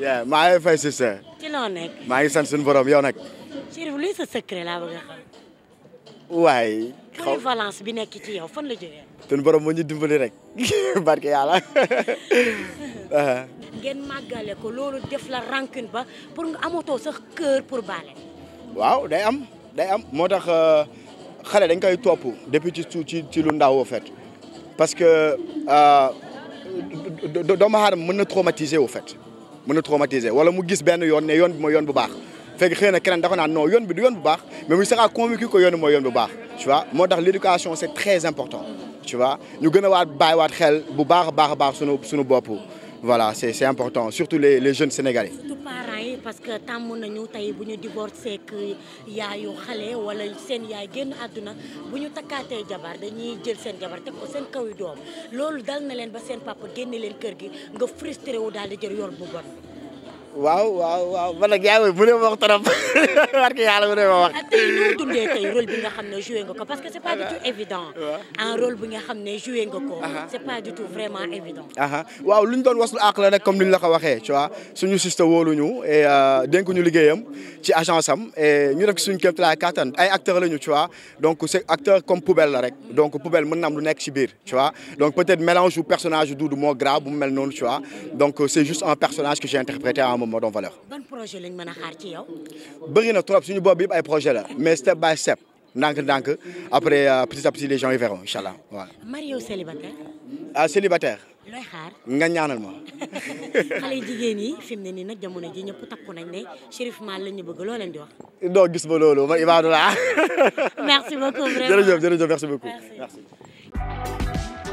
yeah maa ngi fay sister. maa ngi san suñu borom yow nag. Chérif luy sa secret laa bëgg a xam. waay. xaw valence bi nekk ci yow fan la borom moo ñu dimbali rek barke yàlla. Uh-huh. ngeen màggale ko loolu def la rancune ba pour nga amatoo sax kër pour baale. waaw day am day am moo tax uh, xale dañ koy topp depuis ci ci ci lu ndaw au fait parce que uh, doomu aadama mën na traumatiser au fait. mën a traumatiser wala mu gis benn yoon ne yoon bi mooy yoon bu baax fekk xëy na keneen dafa naan non yoon bi du yoon bu baax mais mu sera convaincu que yoon bi mooy yoon bu baax tu vois moo tax l'éducation c'est très important tu vois ñu gën a waat bàyyiwaat xel bu baax baax a baax sunu suñu bopp voilà c'est c'est important surtout les les jeunes sénégalais parce que tàmm nañu tey bu ñu divorcé ak yaayu xale wala seen yaay génn àdduna bu ñu takkaatee jabar dañuy jël seen jabar teg ko seen kaw yu doom loolu dal na leen ba seen papa génne leen kër gi nga frustré wu daal di jël yor bu bon. waaw waaw waaw man nag yaa ngi woon bu dee ma wax trop parce que yàlla bu dee ma wax. Ah, tey noo dundee tey rôle bi nga xam ne joué nga ko parce que c' est pas du tout évident. un rôle bi nga xam ne joué nga ko. c' est pas du tout vraiment évident. waaw lu ñu doon waslu àq la rek comme ni ñu la ko waxee tu vois suñu sista wóoluñu et euh, dénk ñu liggéeyam ci agence am et ñu def suñu kéemtalaay kattan ay acteurs lañu tu vois donc c' est acteur comme poubelle la rek donc poubelle mën na am lu nekk ci biir tu vois donc peut être mélange ou personnage du Doudou moo grave bu mu mel noonu tu vois donc c' est juste un personnage que j'ai interprété à un moment moom moo doon valeur. ban projet lañ mën a xaar ci yow. bëri na trop suñu bopp yëpp ay projet la mais step by step ndànk ndànk après euh, petit à petit les yi y verront incha allah voilà. Mario célibataire. ah célibataire. nga ñaanal ma. xale yi fi mu ne nii nag jamono ji ñëpp takku nañ ne Chérif lañ la ñu bëgg loo leen di wax. doo gis ba loolu ma Ibadou laa. merci beaucoup